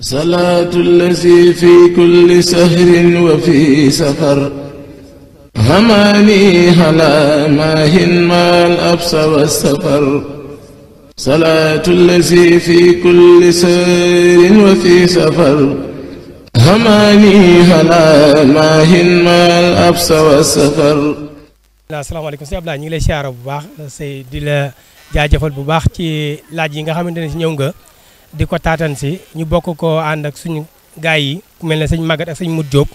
salaatu allazi fi kulli sahrin wa fi safar hamaani halaa maahin maal absa wa safar salaatu allazi fi kulli sahrin wa fi safar hamaani halaa maahin maal absa wa safar asalaamaaleykum sëñ Abdoulaye ñu ngi lay siyaara bu baax sëy di la jaajëfal bu baax ci laaj yi nga xamante ne si ñëw nga di ko taatan si ñu bokk ko ànd ak suñu gaay yi ku mel ne sëñ Maguette ak sëñ Modou Diop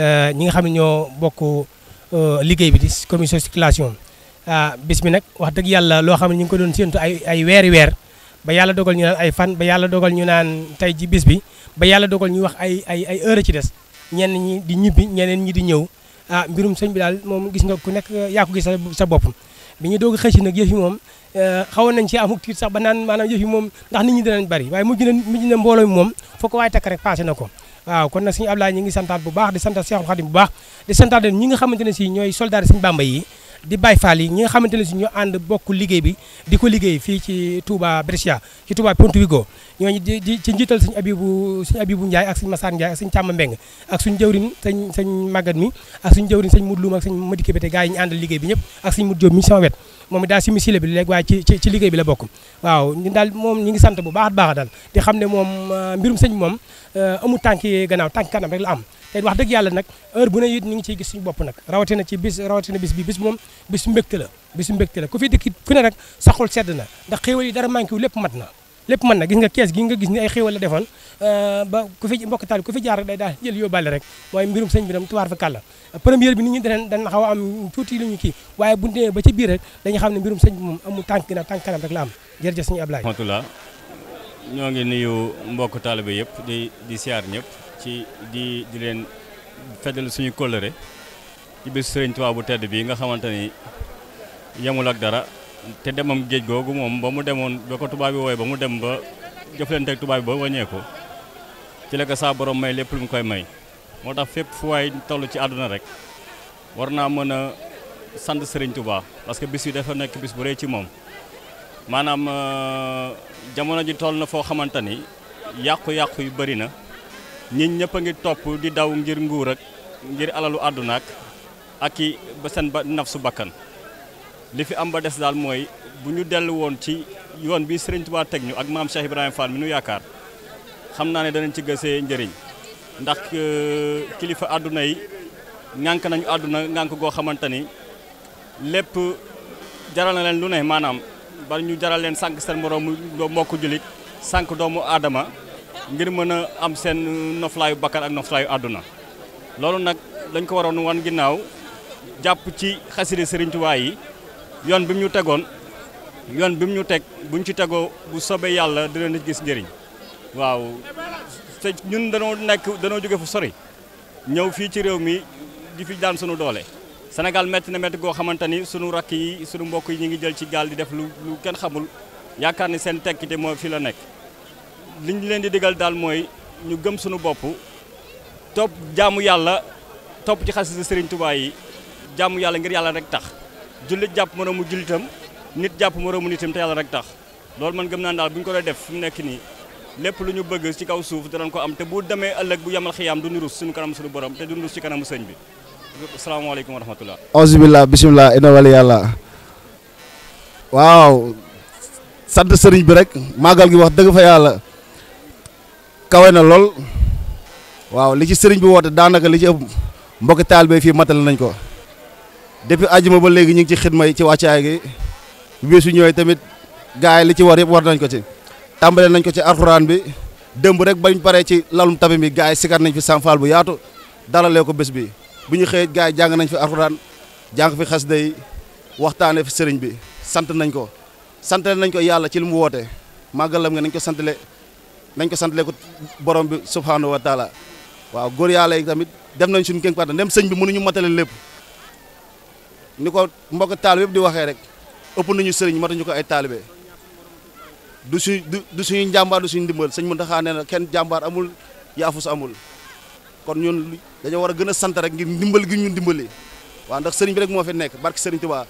euh, ñi nga xam ne ñoo bokk euh, liggéey bi di commission circulation ah, bis bi nag wax dëgg yàlla loo xam ne ñu ngi ko doon séentu ay ay weeri weer ba yàlla dogal ñu naan ay fan ba yàlla dogal ñu naan tey ji bis bi ba yàlla dogal ñu wax ay ay ay a ci des ñenn ñi di ñibbi ñeneen ñi di ñëw ah mbirum sëñ bi daal moom gis nga ku nekk yaa ko gis sa bopp bi ñu doog a xëy si nag yëf yi moom euh, xawoon nañ a amuk tiit sax ba naan maanaam yëf yi moom ndax nit ñi dinañ bari waaye mujj na mujj na mbooloo moom fokk waaye takk rek passé na ko waaw kon nag suñu Ablaye ñi santaat bu baax di santaat Seexul Xadim bu baax di santaat ñi nga xamante ne si ñooy soldaar Sëñ Bàmba yi di Baye Fall yi ñi nga xamante ne si ñoo ànd bokk liggéey bi di ko liggéey fii ci Touba Brescia ci Touba Ponte Vigo ñooñu di ci njiital suñu Abibu suñu Abibu Ndiaye ak suñu Massar Ndiaye ak suñu Càmm Mbeng ak suñu jëwriñ sañ sañ màggat mi ak suñu jëwriñ sañ Modou Loum ak suñu Madi Kébété gars yi ñu àndal liggéey bi ñëpp ak suñu Modou Diop mi sama wet moom daa si misile bi léegi waaye ci ci liggéey bi la bokk waaw ñu moom ñu ngi sant bu baax baax daal di xam ne moom euh, mbirum sëñ moom euh, amul tànki gannaaw tànki kanam rek la am te wax dëgg yàlla nag heure bu ne it ñu ngi ciy gis suñu bopp nag rawatina ci bis rawatina bis bi bis moom bisu mbégte la bisu mbégte la ku fi dikki ku ne rek sa xol sedd na ndax xéewal yi dara manqué wu lépp mat na lépp mën na gis nga kees gi nga gis ni ay a la defoon euh, ba ku fi mbokk taal ku fi jaar day daal jël yóbbaale rek mooy mbirum sëñ bi dam tuwaar fa kàlla première bi nit ñu danañ danañ xaw a am tuuti lu ñu kii waaye bu demee ba ci biir rek dañu xam ne mbirum sëñ bi moom amul tànk ginnaaw tànk kanam rek la am jërëjëf sëñ Ablaye rahmatullah ñoo ngi nuyu mbokk taalibe yëpp di di siyaar ñëpp ci di di leen feddal suñu kóllëre ci bés sëriñ Tuubaa bu tedd bi nga xamante ni yemul ak dara te demam géej googu moom ba mu demoon ba ko tubaab bi wooye ba mu dem ba jëflante ak tubaab bi ba wàññeeku ci la saa borom may lépp lu mu koy may moo tax fépp fu waay toll ci àdduna rek war naa mën a sant Serigne Touba parce que bis yi dafa nekk bis bu rëy ci moom maanaam euh, jamono ji toll na foo xamante ni yàqu-yàqu yu bari na nit ñëpp a ngi topp di daw ngir nguur ak ngir alalu àdduna ak i ba seen ba naf su bakkan li fi am ba des daal mooy bu ñu dellu woon ci yoon bi Serigne Touba teg ñu ak maam Cheikh Ibrahima Fall mi nu yaakaar xam naa ne danañ ci gësee njëriñ ndax euh, kilifa àdduna yi ŋànk nañu àdduna ŋànk goo xamante ni lépp jaral na leen lu ne maanaam ba ñu jaral leen sànq seen moroom ko jullit sànq doomu aadama ngir mën a am seen noflaayu bakkan ak noflaayu àdduna loolu nag dañ ko waroon wan ginnaaw jàpp ci xasida Serigne yi yoon bi mu ñu tegoon yoon bi mu ñu teg buñ ci tegoo bu sobee yàlla dina gis njëriñ waaw te ñun danoo nekk danoo jóge fu sori ñëw fii ci réew mi di fi daan sunu doole. Sénégal metti na métti goo xamante ni sunu rakk yi sunu mbokk yi ñu ngi jël ci gaal di def lu lu kenn xamul yaakaar ni seen tekkite moo fii la nekk li ñu leen di digal daal mooy ñu gëm sunu bopp topp jaamu yàlla topp ci xasida Sëriñ Tuubaa yi jaamu yàlla ngir yàlla rek tax. jullit jàpp moroomu jullitam nit jàpp moroomu nitam te yàlla rek tax loolu man gëm naa daal bu ñu ko doon def fi mu nekk nii lépp lu ñu bëgg ci kaw suuf danañ ko am te bu demee ëllëg bu yemal xiyaam du ñu rus suñu kanam suñu borom te du ñu rus ci kanamu sëñ bi asalaamaaleykum wa rahmatullah aousubillah bisimillah ina wali yàlla waaw sant sëriñ bi rek màggal gi wax dëgg fa yàlla kawe lool waaw li ci sëriñ bi woote daanaka li ci ëpp mbokki taalibe fii matal nañ ko depuis àjjuma ba léegi ñu ngi ci xidma yi ci wàccaay gi bi su ñëwee tamit gaay yi li ci war yëpp war nañ ko ci tàmbale nañ ko ci alxuraan bi dëmb rek ba bañ paree ci lalum tabi bi gaay yi sikar nañ fi sànfaal bu yaatu dalalee ko bés bi bu ñu xëyee gaay yi jàng nañ fi alxuraan jàng fi xasida day waxtaanee fi sëriñ bi sant nañ ko santale nañ ko yàlla ci li mu woote màggalam nga nañ ko santale nañ ko santale ko borom bi subhaanahu wa taala waaw góor yàlla yi tamit dem nañ suñu kéem kattan dem sëñ bi mënuñu matale lépp ni ko mbokk taalibe yëpp di waxee rek ëpp nañu sëriñ matuñu ko ay taalibe du suñ du suñu njàmbaar du suñu ndimbal sëñ Mountakha nee na kenn jàmbaar amul yaafus amul kon ñun dañoo war a gën a sant rek ngir ndimbal gi ñu dimbali waaw ndax sëriñ bi rek moo fi nekk barke sëriñ tubaa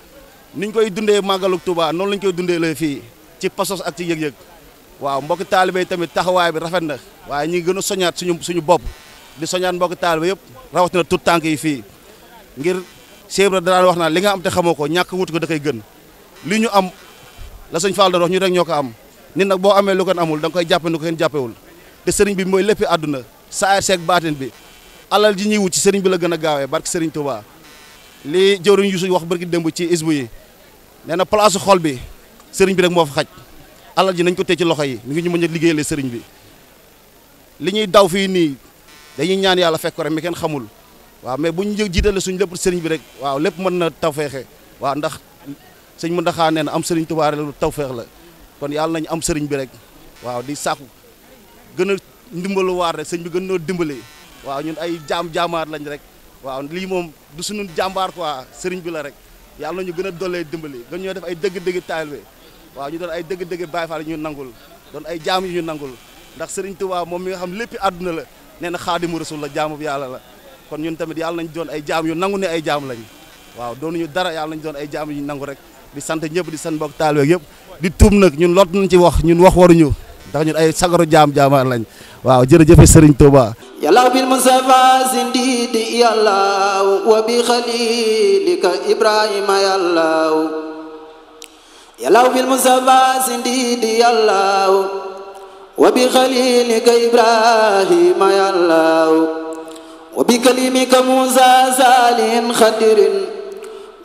niñ koy dundee màggaluk Touba noonu lañ koy dundee la fii ci pasos ak ci yëg-yëg waaw mbokk taalibe yi tamit taxawaay bi rafet na waa ñu ngi gën a soñaat suñu suñu bopp di soñaat mbokk taalibe yëpp rawatina tout tànk yi fii ngir Sèye daan wax naa li nga am te xamoo ko ñàkk wut ko da koy gën li ñu am la sëñ Fall doon wax ñu rek ñoo ko am ni nag boo amee lu ko kenn amul da nga koy jàppe nu ko kenn jàppewul te sëriñ bi mooy léppi àdduna saar seeg baatin bi alal ji ñuy wut ci sëriñ bi la gën a gaawee barke sëriñ Touba li jëwriñ Yuusu wax barki démb ci isbu yi nee na place xol bi sëriñ bi rek moo fa xaj ji nañ ko tee ci loxo yi mi ngi ñu mën a liggéeyale sëriñ bi ñuy daw fii nii dañuy ñaan yàlla fekk rek mi kenn xamul waaw mais bu ñu jiitale suñ lépp sëriñ bi rek waaw lépp mën na tawfeexe waaw ndax sëñ Muntaxa nee na am sëriñ Tuubaa lu tawfeex la kon yàlla nañ am sëriñ bi rek waaw di saaku gën ndimbalu waar rek sëñ bi gën noo dimbali waaw ñun ay jaam jaamaar lañ rek waaw lii moom du suñu jàmbaar quoi sëriñ bi la rek yàlla nañu gën a dollee dimbali gën ñoo def ay dëgg-dëgg taalibe waaw ñu doon ay dëgg-dëgg Baay Faal ñu nangul doon ay jaam yu ñu nangul ndax sëriñ Tuubaa moom mi nga xam léppi àdduna la nee na Xaadimu Rasuul la jaamu bi yàlla la kon ñun tamit yàlla nañ doon ay jaam yu nangu ne ay jaam lañ waaw doonuñu dara yàlla nañ doon ay jaam yu nangu rek di sant ñëpp di sant mbokk taalibe yëpp di tuub nag ñun lot nañ ci wax ñun wax waruñu ndax ñun ay sagaru jaam jaamaan lañ waaw jërëjëfe Serigne Touba yàlla bil mustafa sindidi yàlla wa bi xalilika ibrahima yàlla yàlla bil mustafa sindidi yàlla wa bi xalilika ibrahima yàlla وبكلمك موسى سال خدر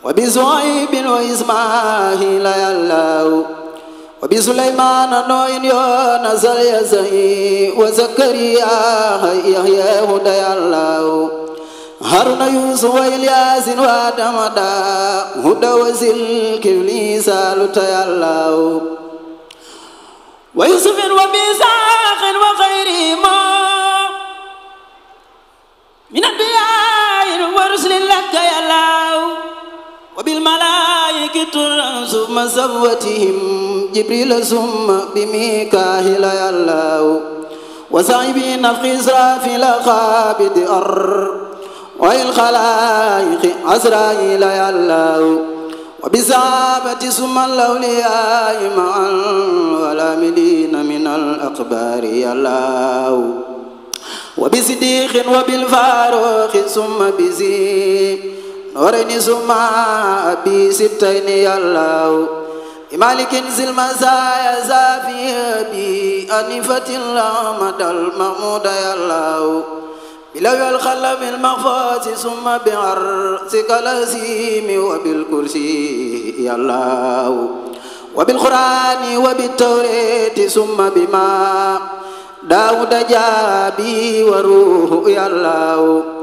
وبزعيب وإسماعيل يلاه وبسليمان نوين يونس اليزهي وزكريا يحيى هدى الله هارون يوسف وإلياس وآدمدا هدى وزلك إبليس لتي الله ويوسف وبيس summa sawatihim jibrila summa bi mikaahila yallaahu wa sahibi nafqi israfila xaabidi ar wayil xalaayiqi asraila yallaahu wa bisaabati summa lawliyaayi maan walamilina min al aqbaari yallaahu wa bisiddiqin wa bilfaaruqi summa bisi نورين سما أبي سبتين يا الله مالك انزل مزايا زافي أبي أنفة اللهم المحمود يا الله بلو الخلم المغفات ثم بعرسك الهزيم وبالكرسي يا الله وبالقرآن وبالتوريت ثم بما داود جابي وروح يا الله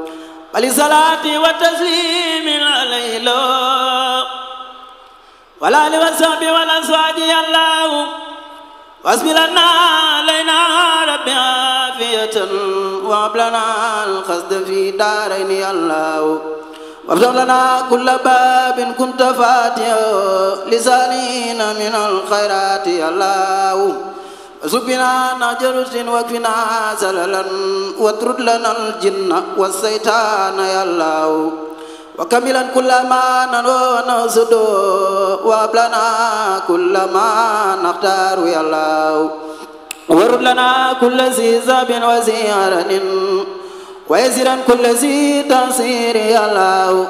bali salaati wa taslimi alayhi loo wala li wa sahbi wal azwaaji allahu wasbilana alayna rabbi afiyatan wa ablana alxasd fi daarayni allahu وافتح لنا كل باب كنت فاتحه لسالين من الخيرات يا الله سبنا نجر وكفنا زللا واطرد لنا الجن والشيطان يا الله وكملا كل ما نرسد وابلنا كل ما نختار يا الله وارد لنا كل ذي زاب وزيار ويزرا كل ذي تنصير يا الله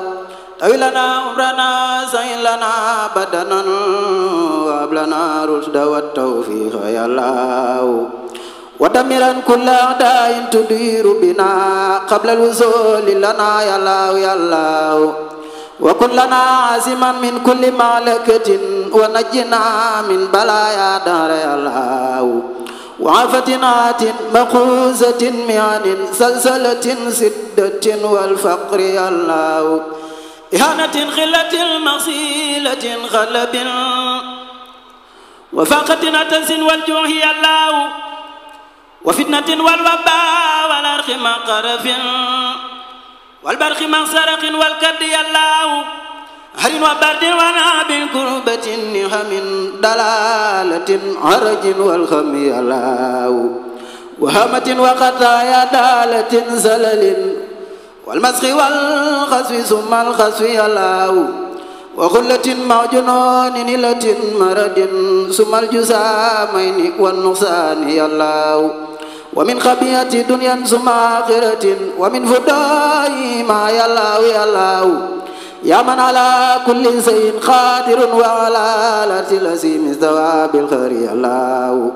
طوي لنا عمرنا زين لنا بدنا وهب لنا الرشد والتوفيق يا الله ودمرا كل أعداء تدير بنا قبل الوصول لنا يا الله يا الله وكن لنا عازما من كل مالكة ونجنا من بلايا دار يا الله وعفتنات مقوزة معن زلزلة سدة والفقر يا الله إهانة خلة مصيلة خلب وفاقة أتنس والجوع هي الله وفتنة والوباء والأرخ ما قرف والبرخ ما سرق والكد الله هر وبرد وانا بالكربة النهم دلالة عرج والخم الله وهمة وقطايا دالة زلل والمسخ والخسف ثم الخسف يلاو وغلة مع جنون نلة مرد ثم الجسامين والنقصان يلاو ومن خبيئة دنيا ثم آخرة ومن فداء ما يلاو يلاو يا من على كل شيء قادر وعلى الذي مستوى بالخير يلاو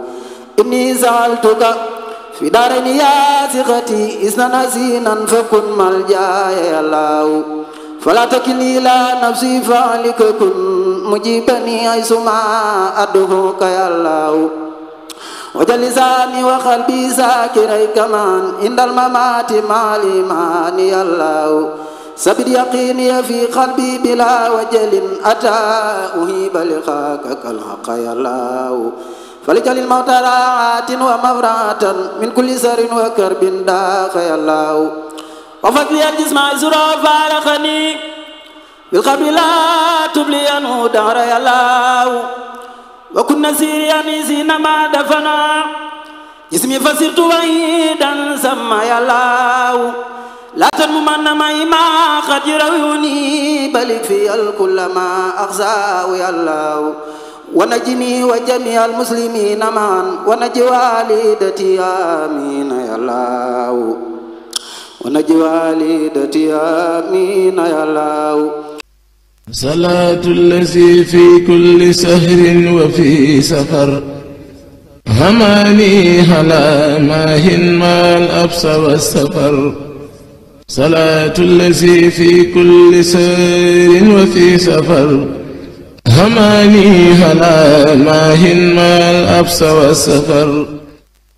إني سألتك في دارين يا ثقتي إسنا نسينا فكن ملجا يا الله فلا تكلني إلى نفسي فعلك كن مجيبني حيث ما أدعوك يا الله وجل لساني وقلبي ذاكري كمان عند الممات مع الإيمان يا الله سبد يقيني في قلبي بلا وجل أتى أهيب لقاك كالحق يا الله فلجل الموت راعات ومبرعة من كل سر وكرب داخ يا الله وفضلي الجسم زرع فارقني بالقبر لا تبلينه دهر يا الله وكنا سيريا نسينا ما دفنا جسمي فسرت وحيدا سما يا الله لا تنم من ما قد يرويني بل في الكل ما أخزاه يا الله ونجني وجميع المسلمين معا ونجي والدتي آمين يا الله ونجي والدتي آمين يا الله صلاة الذي في كل سهر وفي سفر هماني هلا ماهن ما الأبس والسفر صلاة الذي في كل سهر وفي سفر هماني هلا ماهن ما الأبس والسفر